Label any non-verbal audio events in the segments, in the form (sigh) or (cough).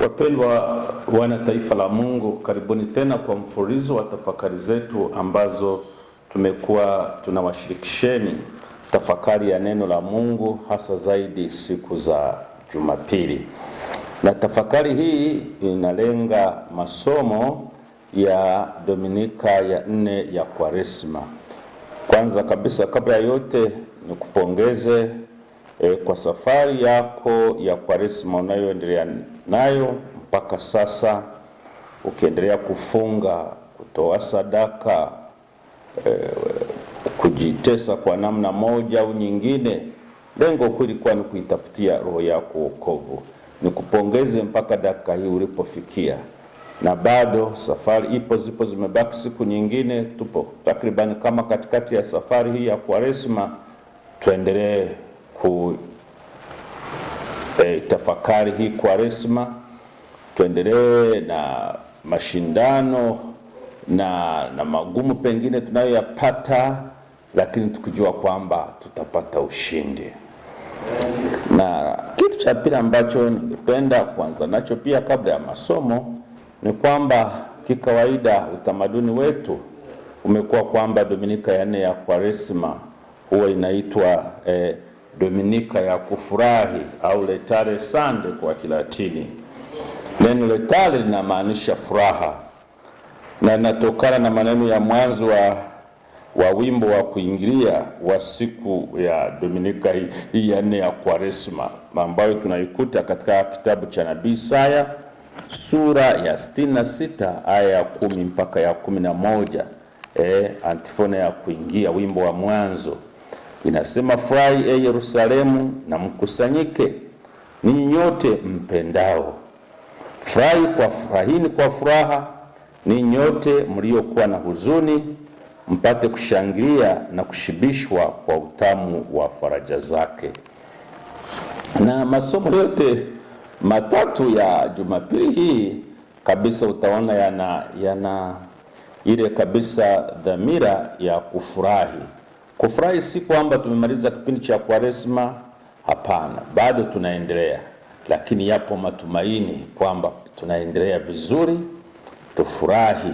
Wapendwa wana taifa la Mungu, karibuni tena kwa mfululizo wa tafakari zetu ambazo tumekuwa tunawashirikisheni tafakari ya neno la Mungu, hasa zaidi siku za Jumapili na tafakari hii inalenga masomo ya Dominika ya nne ya Kwaresma. Kwanza kabisa kabla ya yote nikupongeze e, kwa safari yako ya Kwaresma unayoendelea nayo mpaka sasa, ukiendelea kufunga, kutoa sadaka, e, kujitesa kwa namna moja au nyingine, lengo kulikuwa ni kuitafutia roho yako wokovu nikupongeze mpaka dakika hii ulipofikia, na bado safari ipo, zipo zimebaki siku nyingine, tupo takribani kama katikati ya safari hii ya Kwaresma, tuendelee ku e, tafakari hii Kwaresma, tuendelee na mashindano na, na magumu pengine tunayoyapata, lakini tukijua kwamba tutapata ushindi na cha pili ambacho ningependa kuanza nacho pia kabla ya masomo ni kwamba kikawaida utamaduni wetu umekuwa kwamba Dominika ya nne ya Kwaresma huwa inaitwa eh, Dominika ya kufurahi au letare sande kwa Kilatini. Neno letare linamaanisha furaha na inatokana na maneno ya mwanzo wa wa wimbo wa kuingilia wa siku ya Dominika hii ya nne ya Kwaresma ambayo tunaikuta katika kitabu cha nabii Isaya sura ya 66 aya ya kumi mpaka ya kumi na moja. E, antifona ya kuingia wimbo wa mwanzo inasema: furahi e Yerusalemu, na mkusanyike ninyi nyote mpendao, furahi kwa furahini kwa furaha, ninyi nyote mliokuwa na huzuni mpate kushangilia na kushibishwa kwa utamu wa faraja zake. Na masomo yote matatu ya Jumapili hii kabisa utaona yana, yana ile kabisa dhamira ya kufurahi. Kufurahi si kwamba tumemaliza kipindi cha Kwaresma, hapana, bado tunaendelea, lakini yapo matumaini kwamba tunaendelea vizuri, tufurahi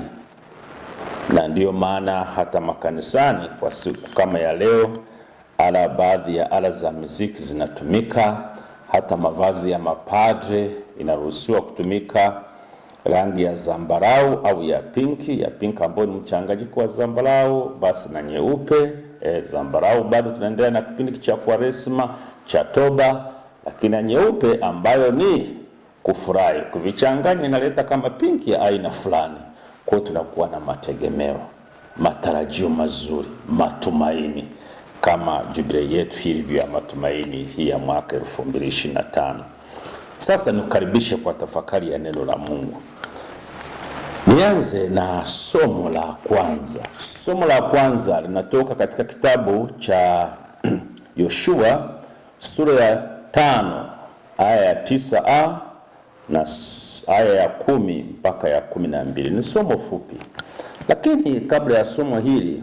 na ndiyo maana hata makanisani kwa siku kama ya leo, ala baadhi ya ala za muziki zinatumika, hata mavazi ya mapadre inaruhusiwa kutumika rangi ya zambarau au ya pinki, ya pinki ambayo ni mchanganyiko wa zambarau basi na nyeupe. E, zambarau bado tunaendelea na kipindi cha Kwaresma cha toba, lakini na nyeupe ambayo ni kufurahi, kuvichanganya inaleta kama pinki ya aina fulani. Kwa hiyo tunakuwa na mategemeo, matarajio mazuri, matumaini kama jubilee yetu hii ya matumaini hii ya mwaka 2025. Sasa nikukaribishe kwa tafakari ya neno la Mungu. Nianze na somo la kwanza. Somo la kwanza linatoka katika kitabu cha (clears throat) Yoshua sura ya tano aya ya 9a na aya ya kumi mpaka ya kumi na mbili. Ni somo fupi, lakini kabla ya somo hili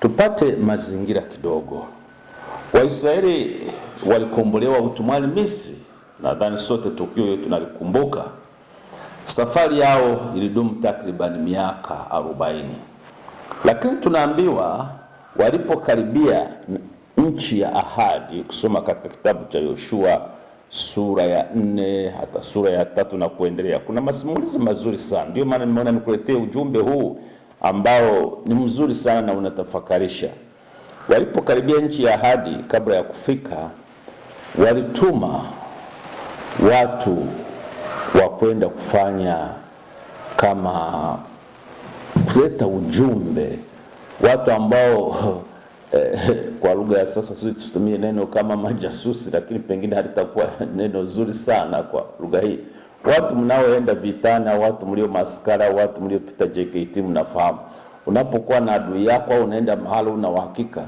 tupate mazingira kidogo. Waisraeli walikombolewa utumwani Misri, nadhani sote tukio hiyo tunalikumbuka. Safari yao ilidumu takribani miaka arobaini, lakini tunaambiwa walipokaribia nchi ya ahadi, kusoma katika kitabu cha Yoshua sura ya nne hata sura ya tatu na kuendelea. Kuna masimulizi mazuri sana, ndio maana nimeona nikuletee ujumbe huu ambao ni mzuri sana na unatafakarisha. Walipokaribia nchi ya ahadi, kabla ya kufika, walituma watu wa kwenda kufanya kama kuleta ujumbe, watu ambao (laughs) Eh, kwa lugha ya sasa sisi tutumie neno kama majasusi, lakini pengine halitakuwa (laughs) neno zuri sana kwa lugha hii. Watu mnaoenda vitana, watu mlio maskara, watu mliopita JKT mnafahamu, unapokuwa na adui yako au unaenda mahali una uhakika,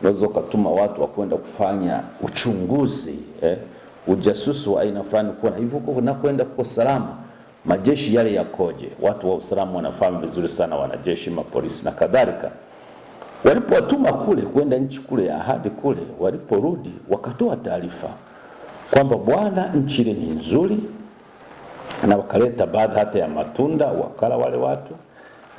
unaweza ukatuma watu wakwenda kufanya uchunguzi eh, ujasusi wa aina fulani, kuona hivyo huko unakwenda kuko salama, majeshi yale yakoje. Watu wa usalama wanafahamu vizuri sana, wanajeshi, mapolisi na kadhalika. Walipowatuma kule kwenda nchi kule ya ahadi kule, waliporudi wakatoa taarifa kwamba bwana, nchi ile ni nzuri, na wakaleta baadhi hata ya matunda wakala wale watu,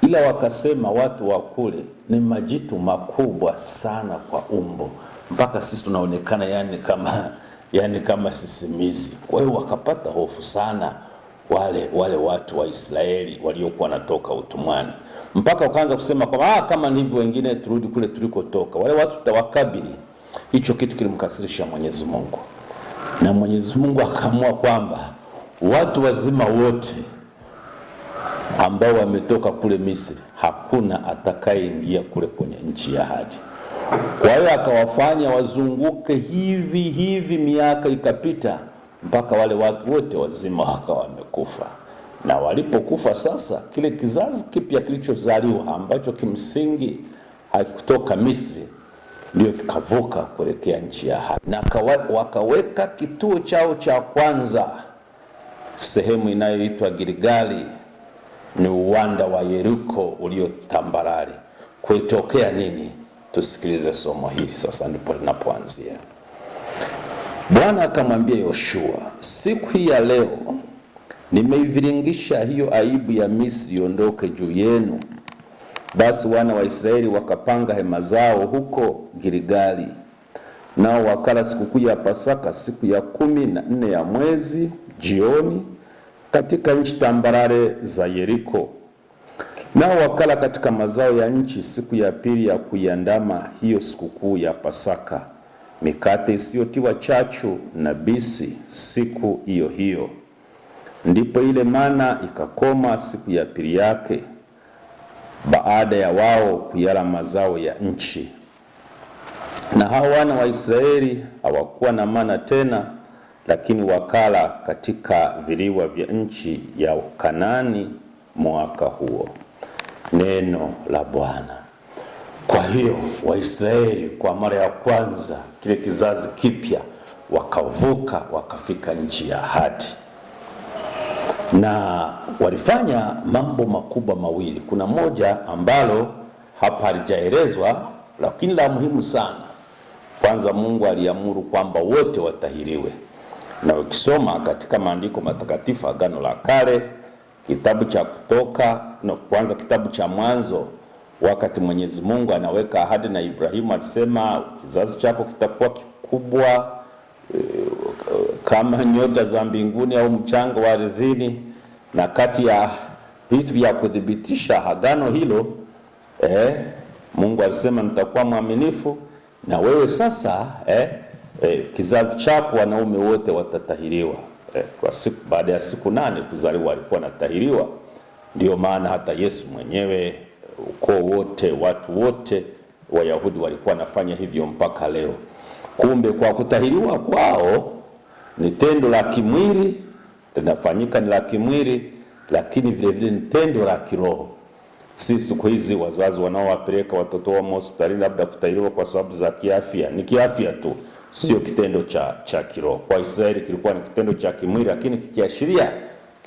ila wakasema watu wa kule ni majitu makubwa sana kwa umbo, mpaka sisi tunaonekana yani kama (laughs) yani kama sisimizi. Kwa hiyo wakapata hofu sana wale wale watu wa Israeli waliokuwa wanatoka utumwani mpaka ukaanza kusema kwamba ah, kama ndivyo wengine turudi kule tulikotoka. Wale watu tutawakabili. Hicho kitu kilimkasirisha Mwenyezi Mungu, na Mwenyezi Mungu akaamua kwamba watu wazima wote ambao wametoka kule Misri, hakuna atakayeingia kule kwenye nchi ya ahadi. Kwa hiyo akawafanya wazunguke hivi hivi, miaka ikapita mpaka wale watu wote wazima wakawa wamekufa na walipokufa sasa, kile kizazi kipya kilichozaliwa ambacho kimsingi hakikutoka Misri ndio kikavuka kuelekea nchi ya ahadi, na wakaweka kituo chao cha kwanza sehemu inayoitwa Gilgali, ni uwanda wa Yeriko ulio tambarare. Kuitokea nini? Tusikilize somo hili sasa, ndipo linapoanzia. Bwana akamwambia Yoshua, siku hii ya leo nimeiviringisha hiyo aibu ya Misri iondoke juu yenu. Basi wana wa Israeli wakapanga hema zao huko giligali nao wakala sikukuu ya Pasaka siku ya kumi na nne ya mwezi jioni, katika nchi tambarare za Yeriko. Nao wakala katika mazao ya nchi siku ya pili ya kuiandama hiyo sikukuu ya Pasaka, mikate isiyotiwa chachu na bisi siku hiyo hiyo. Ndipo ile mana ikakoma siku ya pili yake, baada ya wao kuyala mazao ya nchi. Na hao wana wa Israeli hawakuwa na mana tena, lakini wakala katika viliwa vya nchi ya kanani mwaka huo. Neno la Bwana. Kwa hiyo Waisraeli kwa mara ya kwanza, kile kizazi kipya, wakavuka wakafika nchi ya ahadi na walifanya mambo makubwa mawili. Kuna moja ambalo hapa halijaelezwa, lakini la muhimu sana. Kwanza, Mungu aliamuru kwamba wote watahiriwe, na ukisoma katika maandiko matakatifu, Agano la Kale, kitabu cha Kutoka no, kwanza kitabu cha Mwanzo, wakati Mwenyezi Mungu anaweka ahadi na Ibrahimu, alisema kizazi chako kitakuwa kikubwa, eh, kama nyota za mbinguni au mchanga wa ardhini. Na kati ya vitu vya kuthibitisha agano hilo eh, Mungu alisema nitakuwa mwaminifu na wewe sasa eh, eh, kizazi chako wanaume wote watatahiriwa. Eh, kwa siku baada ya siku nane kuzaliwa alikuwa natahiriwa. Ndio maana hata Yesu mwenyewe, ukoo wote, watu wote, Wayahudi walikuwa wanafanya hivyo mpaka leo. Kumbe kwa kutahiriwa kwao ni tendo la kimwili linafanyika, ni la kimwili, lakini vile vile ni tendo la kiroho. Si siku hizi wazazi wanaowapeleka watoto wao hospitalini labda kutahiriwa kwa sababu za kiafya, ni kiafya tu, sio kitendo cha, cha kiroho. Kwa Israeli kilikuwa ni kitendo cha kimwili, lakini kikiashiria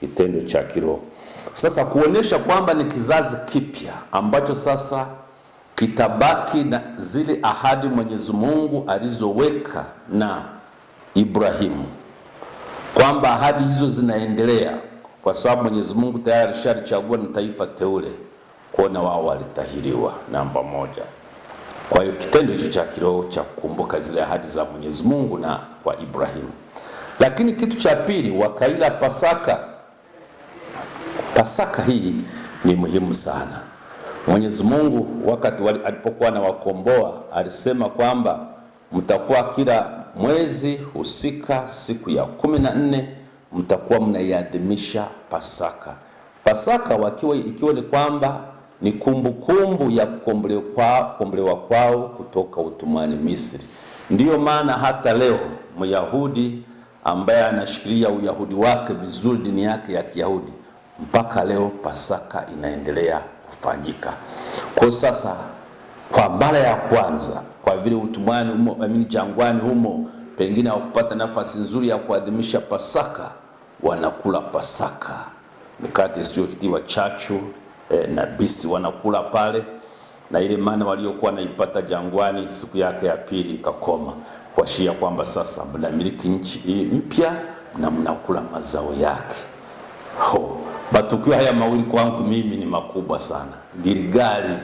kitendo cha kiroho. Sasa kuonesha kwamba ni kizazi kipya ambacho sasa kitabaki na zile ahadi Mwenyezi Mungu alizoweka na Ibrahimu kwamba ahadi hizo zinaendelea kwa sababu Mwenyezi Mungu tayari alishalichagua na taifa teule kuona wao walitahiriwa, namba moja. Kwa hiyo kitendo hicho cha kiroho cha kukumbuka zile ahadi za Mwenyezi Mungu na kwa Ibrahimu. Lakini kitu cha pili, wakaila Pasaka. Pasaka hii ni muhimu sana. Mwenyezi Mungu wakati alipokuwa anawakomboa alisema kwamba mtakuwa kila mwezi husika, siku ya kumi na nne mtakuwa mnaiadhimisha Pasaka. Pasaka wakiwa ikiwa ni kwamba ni kumbukumbu kumbu ya kukombolewa kwao kutoka utumwani Misri. Ndiyo maana hata leo Myahudi ambaye anashikilia uyahudi wake vizuri, dini yake ya Kiyahudi, mpaka leo Pasaka inaendelea kufanyika. Kwa sasa kwa mara ya kwanza, kwa vile utumwani humo, amini, jangwani humo pengine hawakupata nafasi nzuri ya kuadhimisha Pasaka, wanakula Pasaka, mikate isiyotiwa chachu e, na bisi wanakula pale, na ile maana waliokuwa naipata jangwani siku yake ya pili ikakoma, kuashia kwamba sasa mnamiliki nchi hii mpya na mnakula mazao yake. Ho, matukio haya mawili kwangu mimi ni makubwa sana. Gilgali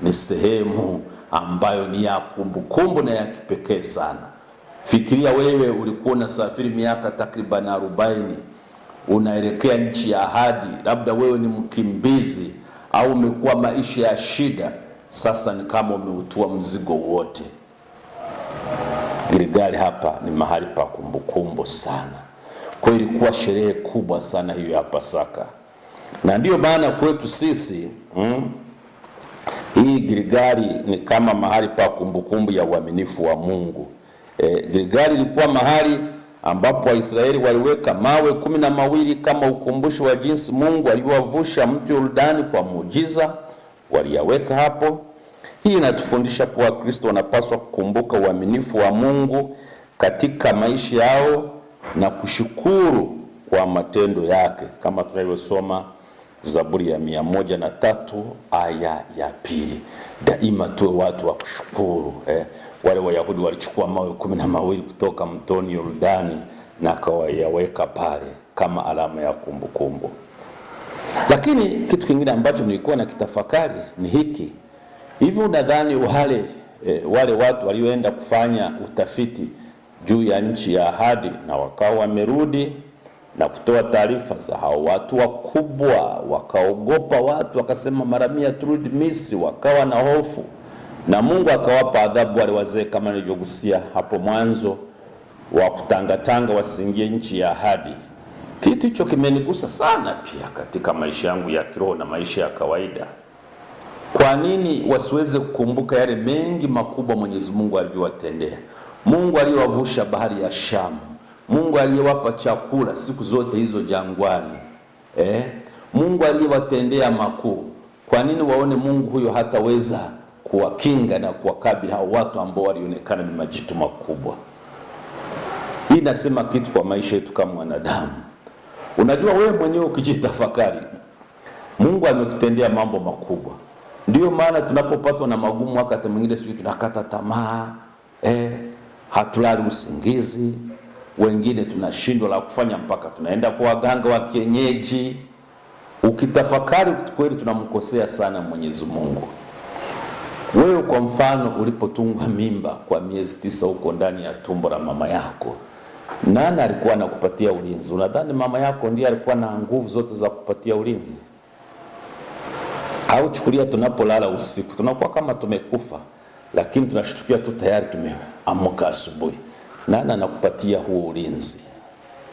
ni sehemu ambayo ni ya kumbukumbu na ya kipekee sana. Fikiria wewe ulikuwa unasafiri miaka takriban arobaini, unaelekea nchi ya ahadi. Labda wewe ni mkimbizi au umekuwa maisha ya shida, sasa ni kama umeutua mzigo wote. Gilgali hapa ni mahali pa kumbukumbu sana. Kwa hiyo ilikuwa sherehe kubwa sana hiyo ya Pasaka, na ndiyo maana kwetu sisi mm, Gilgali ni kama mahali pa kumbukumbu ya uaminifu wa Mungu. E, Gilgali ilikuwa mahali ambapo Waisraeli waliweka mawe kumi na mawili kama ukumbusho wa jinsi Mungu alivyowavusha mtu Yordani kwa muujiza, waliyaweka hapo. Hii inatufundisha kuwa kristo wanapaswa kukumbuka uaminifu wa Mungu katika maisha yao na kushukuru kwa matendo yake kama tunavyosoma Zaburi ya mia moja na tatu aya ya pili. Daima tuwe watu wa kushukuru eh. Wale Wayahudi walichukua mawe kumi na mawili kutoka mtoni Yordani na kawayaweka pale kama alama ya kumbukumbu kumbu. Lakini kitu kingine ambacho nilikuwa na kitafakari ni hiki hivi, unadhani wale eh, wale watu walioenda kufanya utafiti juu ya nchi ya ahadi na wakawa wamerudi na kutoa taarifa za hao watu wakubwa, wakaogopa watu, wakasema mara mia turudi Misri, wakawa na hofu, na Mungu akawapa adhabu wale wazee kama nilivyogusia hapo mwanzo, wa kutangatanga wasiingie nchi ya ahadi. Kitu hicho kimenigusa sana pia katika maisha yangu ya kiroho na maisha ya kawaida. Kwa nini wasiweze kukumbuka yale mengi makubwa Mwenyezi Mungu alivyowatendea? Mungu aliyowavusha bahari ya Shamu Mungu aliyewapa chakula siku zote hizo jangwani eh? Mungu aliyewatendea makuu. Kwa nini waone Mungu huyo hataweza kuwakinga na kuwakabili hao watu ambao walionekana ni majitu makubwa? Hii nasema kitu kwa maisha yetu kama wanadamu. Unajua wewe mwenyewe ukijitafakari, Mungu amekutendea mambo makubwa. Ndiyo maana tunapopatwa na magumu, wakati mwingine sisi tunakata tamaa eh, hatulali usingizi wengine tunashindwa la kufanya mpaka tunaenda kwa waganga wa kienyeji. Ukitafakari kweli, tunamkosea sana Mwenyezi Mungu. Wewe kwa mfano, ulipotungwa mimba kwa miezi tisa huko ndani ya tumbo la mama yako, nani alikuwa anakupatia ulinzi? Unadhani mama yako ndiye alikuwa na nguvu zote za kupatia ulinzi? Au chukulia, tunapolala usiku tunakuwa kama tumekufa, lakini tunashtukia tu tayari tumeamka asubuhi. Nani anakupatia huo ulinzi?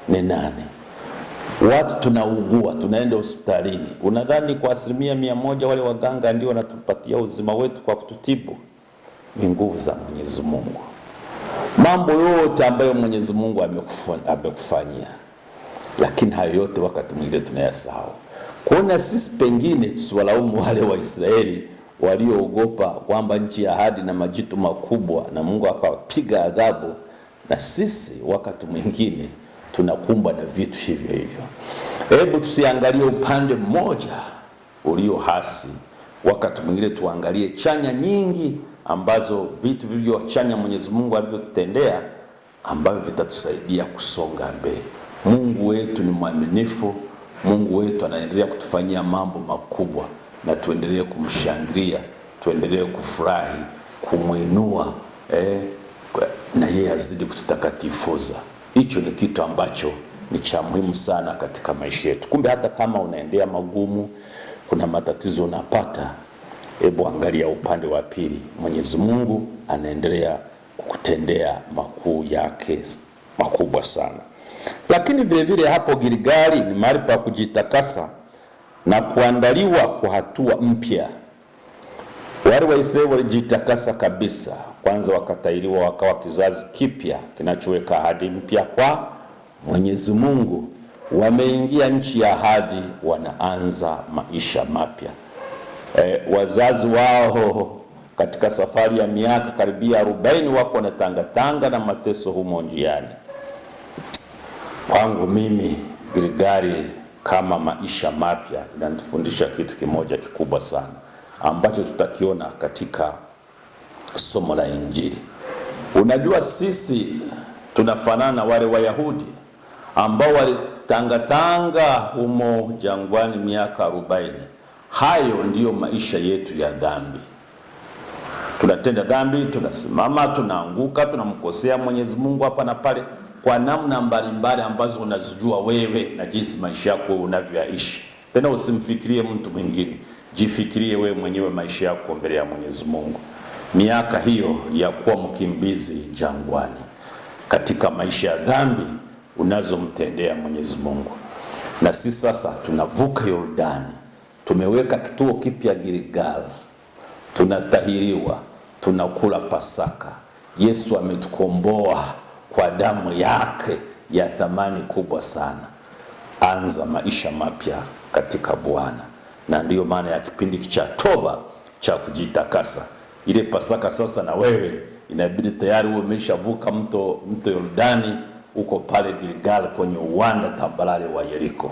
Ni nani? Watu tunaugua, tunaenda hospitalini. Unadhani kwa asilimia mia moja wale waganga ndio wanatupatia uzima wetu kwa kututibu? Ni nguvu za Mwenyezi Mungu. Mambo yote ambayo Mwenyezi Mungu amekufanyia, lakini hayo yote wakati mwingine tunayasahau. Kuona sisi pengine tusiwalaumu wale Waisraeli walioogopa kwamba nchi ya ahadi na majitu makubwa, na Mungu akawapiga adhabu na sisi wakati mwingine tunakumbwa na vitu hivyo hivyo. Hebu tusiangalie upande mmoja ulio hasi, wakati mwingine tuangalie chanya nyingi ambazo vitu vilivyo chanya Mwenyezi Mungu alivyotutendea ambavyo vitatusaidia kusonga mbele. Mungu wetu ni mwaminifu, Mungu wetu anaendelea kutufanyia mambo makubwa, na tuendelee kumshangilia, tuendelee kufurahi, kumwinua eh, na yeye azidi kututakatifuza. Hicho ni kitu ambacho ni cha muhimu sana katika maisha yetu. Kumbe hata kama unaendea magumu, kuna matatizo unapata, hebu angalia upande wa pili. Mwenyezi Mungu anaendelea kukutendea makuu yake makubwa sana. Lakini vile vile hapo Gilgali ni mahali pa kujitakasa na kuandaliwa kwa hatua mpya. Wale Waisraeli walijitakasa kabisa kwanza wakatahiriwa wakawa kizazi kipya kinachoweka ahadi mpya kwa Mwenyezi Mungu. Wameingia nchi ya ahadi, wanaanza maisha mapya. E, wazazi wao katika safari ya miaka karibia arobaini wako na tangatanga na mateso humo njiani. Kwangu mimi Grigari kama maisha mapya inatufundisha kitu kimoja kikubwa sana ambacho tutakiona katika somo la Injili. Unajua, sisi tunafanana wale Wayahudi ambao walitangatanga humo jangwani miaka arobaini. Hayo ndiyo maisha yetu ya dhambi. Tunatenda dhambi, tunasimama, tunaanguka, tunamkosea Mwenyezi Mungu hapa na pale kwa namna mbalimbali ambazo unazijua wewe na jinsi maisha yako unavyoishi. Tena usimfikirie mtu mwingine, jifikirie wewe mwenyewe maisha yako mbele ya Mwenyezi Mungu miaka hiyo ya kuwa mkimbizi jangwani katika maisha ya dhambi unazomtendea Mwenyezi Mungu. Na si sasa tunavuka Yordani, tumeweka kituo kipya Gilgal, tunatahiriwa, tunakula Pasaka. Yesu ametukomboa kwa damu yake ya thamani kubwa sana. Anza maisha mapya katika Bwana, na ndiyo maana ya kipindi cha toba cha kujitakasa ile Pasaka sasa na wewe inabidi tayari uwe umeshavuka mto mto Yordani, uko pale Gilgal kwenye uwanda tambalale wa Yeriko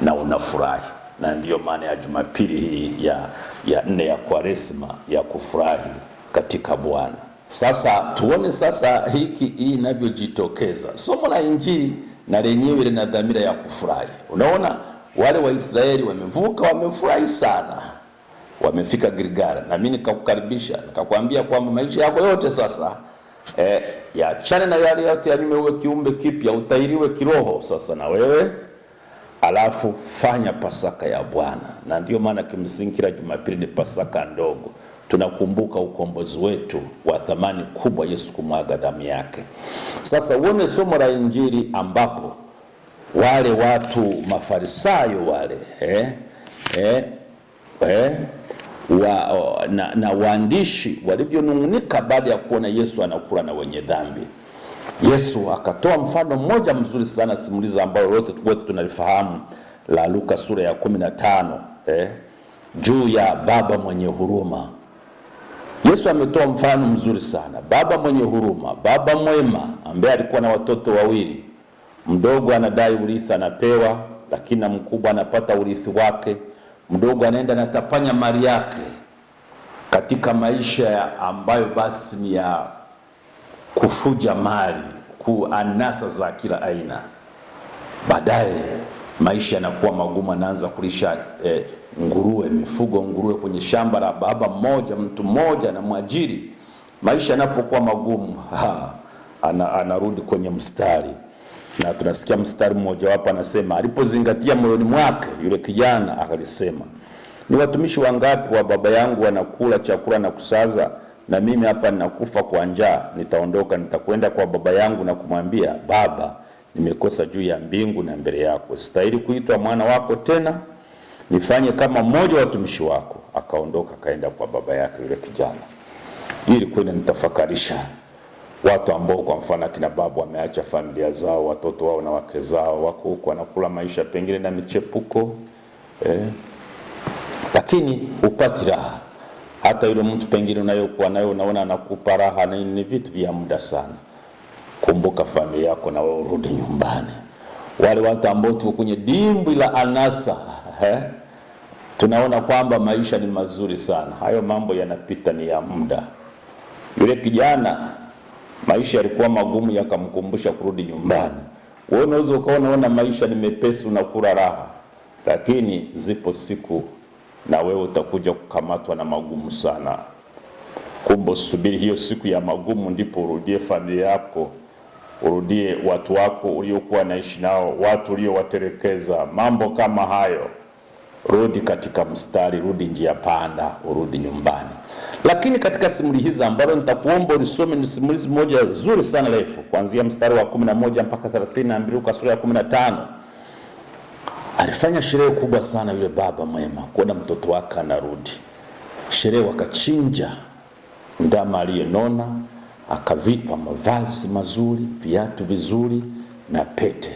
na unafurahi, na ndiyo maana ya Jumapili hii ya ya nne ya Kwaresma ya kufurahi katika Bwana. Sasa tuone sasa hiki hii inavyojitokeza. Somo la Injili na lenyewe lina dhamira ya kufurahi. Unaona wale Waisraeli wamevuka, wamefurahi sana wamefika Gilgala, na mimi nikakukaribisha nikakwambia kwamba maisha yako yote sasa eh, yaachane na yale yote ya nyuma, uwe kiumbe kipya, utahiriwe kiroho sasa na wewe, alafu fanya Pasaka ya Bwana. Na ndio maana kimsingi kila Jumapili ni Pasaka ndogo, tunakumbuka ukombozi wetu wa thamani kubwa, Yesu kumwaga damu yake. Sasa uone somo la Injili ambapo wale watu Mafarisayo wale eh, eh, eh, wa, o, na, na waandishi walivyonung'unika baada ya kuona Yesu anakula na wenye dhambi. Yesu akatoa mfano mmoja mzuri sana simuliza, ambao wote tunalifahamu la Luka sura ya 15 eh, juu ya baba mwenye huruma. Yesu ametoa mfano mzuri sana, baba mwenye huruma, baba mwema ambaye alikuwa na watoto wawili. Mdogo anadai urithi anapewa, lakini na mkubwa anapata urithi wake mdogo anaenda natapanya mali yake katika maisha ambayo basi ni ya kufuja mali, kuanasa za kila aina. Baadaye maisha yanakuwa magumu, anaanza kulisha eh, nguruwe, mifugo nguruwe kwenye shamba la baba mmoja, mtu mmoja na mwajiri. Maisha yanapokuwa magumu, ha, ana, anarudi kwenye mstari na tunasikia mstari mmoja wapo anasema, alipozingatia moyoni mwake yule kijana akalisema, ni watumishi wangapi wa baba yangu wanakula chakula na kusaza, na mimi hapa ninakufa kwa njaa. Nitaondoka, nitakwenda kwa baba yangu na kumwambia, Baba, nimekosa juu ya mbingu na mbele yako, sitahili kuitwa mwana wako tena, nifanye kama mmoja wa watumishi wako. Akaondoka akaenda kwa baba yake yule kijana. Hii ilikuwa inanitafakarisha watu ambao kwa mfano akina babu wameacha familia zao, watoto wao na wake zao wako huko wanakula maisha pengine na michepuko eh, lakini upati raha. Hata yule mtu pengine unayokuwa nayo unaona anakupa raha, na ni vitu vya muda sana. Kumbuka familia yako na wewe urudi nyumbani. Wale watu ambao tuko kwenye dimbwi la anasa eh, tunaona kwamba maisha ni mazuri sana, hayo mambo yanapita, ni ya muda. Yule kijana maisha yalikuwa magumu, yakamkumbusha kurudi nyumbani. Wewe unaweza ukawa unaona maisha ni mepesi, unakula raha, lakini zipo siku na wewe utakuja kukamatwa na magumu sana. Kumbe subiri hiyo siku ya magumu, ndipo urudie familia yako, urudie watu wako uliokuwa naishi nao, watu uliowaterekeza, mambo kama hayo. Rudi katika mstari, rudi njia panda, urudi nyumbani. Lakini katika simulizi hizi ambalo nitakuomba ulisome, ni simulizi moja nzuri sana refu, kuanzia mstari wa 11 mpaka 32 kwa sura ya 15. Alifanya sherehe kubwa sana yule baba mwema kuona mtoto wake anarudi. Sherehe wakachinja ndama aliyenona, akavipa mavazi mazuri, viatu vizuri na pete,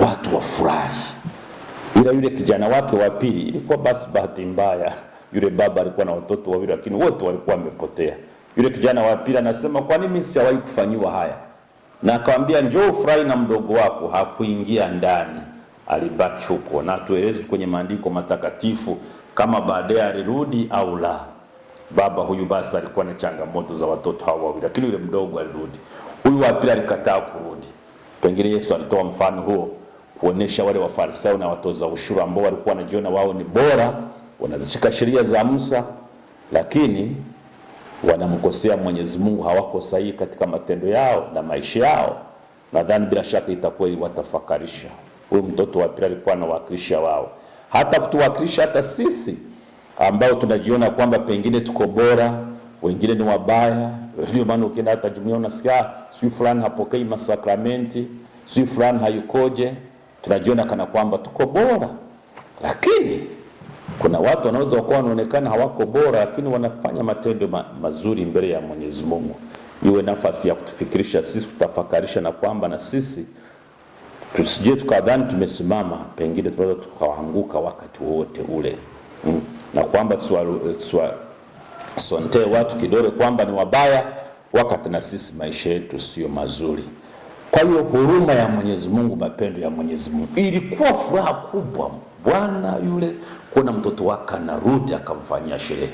watu wafurahi. Ila yule kijana wake wa pili ilikuwa basi bahati mbaya yule baba alikuwa na watoto wawili, lakini wote walikuwa wamepotea. Yule kijana wa pili anasema kwa nini mimi sijawahi kufanyiwa haya? Na akamwambia njoo furahi na mdogo wako, hakuingia ndani, alibaki huko. Na tuelezi kwenye maandiko matakatifu kama baadaye alirudi au la. Baba huyu basi alikuwa na changamoto za watoto hao wawili, lakini yule mdogo alirudi, huyu wa pili alikataa kurudi. Pengine Yesu alitoa mfano huo kuonesha wale Wafarisayo na watoza ushuru ambao walikuwa wanajiona wao ni bora wanazishika sheria za Musa, lakini wanamkosea Mwenyezi Mungu, hawako sahihi katika matendo yao na maisha yao. Nadhani bila shaka itakuwa iwatafakarisha. Huyu mtoto wa pili alikuwa anawakilisha wao, hata kutuwakilisha hata sisi ambao tunajiona kwamba pengine tuko bora, wengine ni wabaya. Ndio maana ukienda hata jumuiya unasikia ah, sijui fulani hapokei masakramenti, sijui fulani hayukoje. Tunajiona kana kwamba tuko bora, lakini kuna watu wanaweza wakuwa wanaonekana hawako bora, lakini wanafanya matendo ma mazuri mbele ya Mwenyezi Mungu. Iwe nafasi ya kutufikirisha sisi, kutafakarisha na kwamba na sisi tusije tukadhani tumesimama, pengine tunaweza tukaanguka wakati wowote ule mm. na kwamba tusiwasontee watu kidole kwamba ni wabaya, wakati na sisi maisha yetu sio mazuri. Kwa hiyo huruma ya Mwenyezi Mungu, mapendo ya Mwenyezi Mungu ilikuwa furaha kubwa bwana yule kuona mtoto wake anarudi akamfanyia sherehe,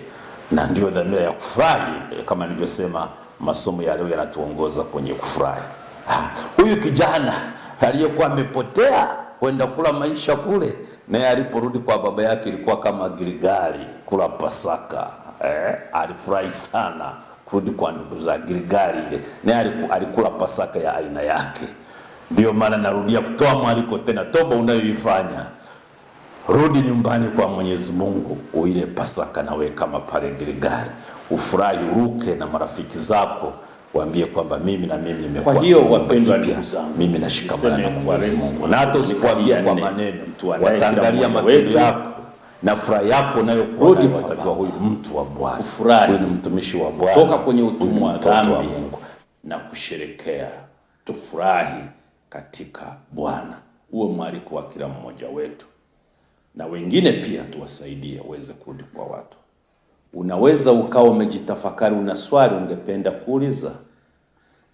na ndiyo dhamira ya kufurahi. Eh, kama nilivyosema, masomo ya leo yanatuongoza kwenye kufurahi. Huyu kijana aliyekuwa amepotea kwenda kula maisha kule, naye aliporudi kwa baba yake ilikuwa kama Giligali kula Pasaka. Eh, alifurahi sana kurudi kwa ndugu za Giligali ile, naye alikula Pasaka ya aina yake. Ndiyo maana narudia kutoa mwaliko tena, toba unayoifanya Rudi nyumbani kwa Mwenyezi Mungu uile Pasaka na wewe kama pale Gilgali, ufurahi, uruke na marafiki zako, waambie kwamba mimi na mimi nimekuwa. Kwa hiyo wapendwa ndugu zangu, mimi nashikamana na Mwenyezi Mungu, na hata usikwambia kwa maneno, wataangalia matendo yako na furaha yako nayo nayo, watajua huyu mtu wa Bwana, huyu ni mtumishi wa Bwana, toka kwenye utumwa wa dhambi na kusherekea. Tufurahi katika Bwana, uwe mwaliko wa kila mmoja wetu na wengine pia tuwasaidie waweze kurudi kwa watu. Unaweza ukawa umejitafakari, una swali ungependa kuuliza,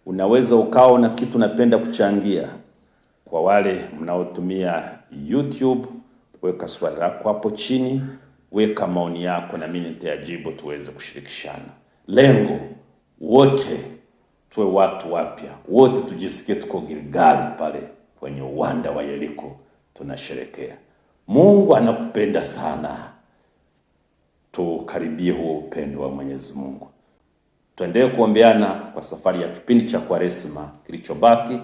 unaweza ukawa na kitu unapenda kuchangia. Kwa wale mnaotumia YouTube, weka swali lako hapo chini, weka maoni yako, na mimi nitayajibu, tuweze kushirikishana. Lengo wote tuwe watu wapya, wote tujisikie tuko Gilgali pale kwenye uwanda wa Yeriko tunasherekea. Mungu anakupenda sana, tukaribie huo upendo wa Mwenyezi Mungu. Tuendelee kuombeana kwa safari ya kipindi cha Kwaresma kilichobaki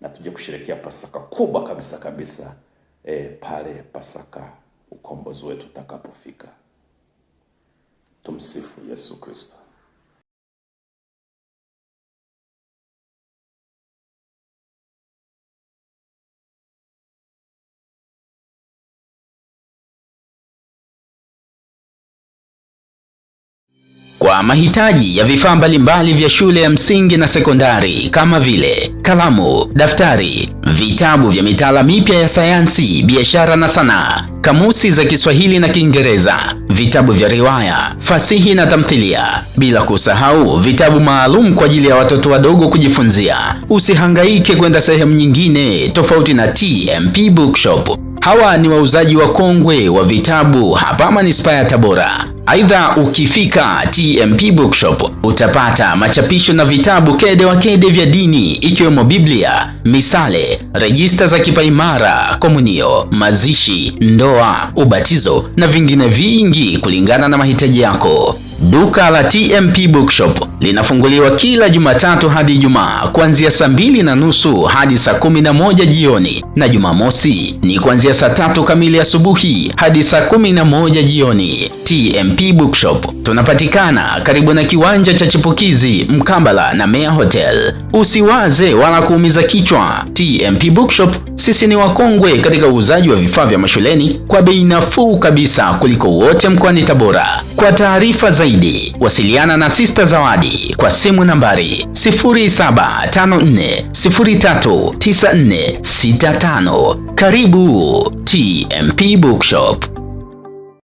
na tuje kusherehekea Pasaka kubwa kabisa kabisa, e, pale Pasaka ukombozi wetu utakapofika. Tumsifu Yesu Kristo. kwa mahitaji ya vifaa mbalimbali vya shule ya msingi na sekondari kama vile kalamu, daftari, vitabu vya mitaala mipya ya sayansi, biashara na sanaa, kamusi za Kiswahili na Kiingereza, vitabu vya riwaya, fasihi na tamthilia, bila kusahau vitabu maalum kwa ajili ya watoto wadogo kujifunzia. Usihangaike kwenda sehemu nyingine tofauti na TMP Bookshop. Hawa ni wauzaji wakongwe wa vitabu hapa manispaa ya Tabora. Aidha, ukifika TMP Bookshop utapata machapisho na vitabu kede wa kede vya dini ikiwemo Biblia, misale, rejista za kipaimara, komunio, mazishi, ndoa, ubatizo na vingine vingi kulingana na mahitaji yako. Duka la TMP Bookshop linafunguliwa kila Jumatatu hadi Ijumaa kuanzia saa mbili na nusu hadi saa kumi na moja jioni na Jumamosi ni kuanzia saa tatu kamili asubuhi hadi saa kumi na moja jioni. TMP Bookshop tunapatikana karibu na kiwanja cha Chipukizi mkambala na Mea Hotel. Usiwaze wala kuumiza kichwa. TMP Bookshop sisi ni wakongwe katika uuzaji wa vifaa vya mashuleni kwa bei nafuu kabisa kuliko wote mkoani Tabora. Kwa taarifa zaidi wasiliana na Sister Zawadi kwa simu nambari sifuri3a 0754 039465. Karibu TMP Bookshop.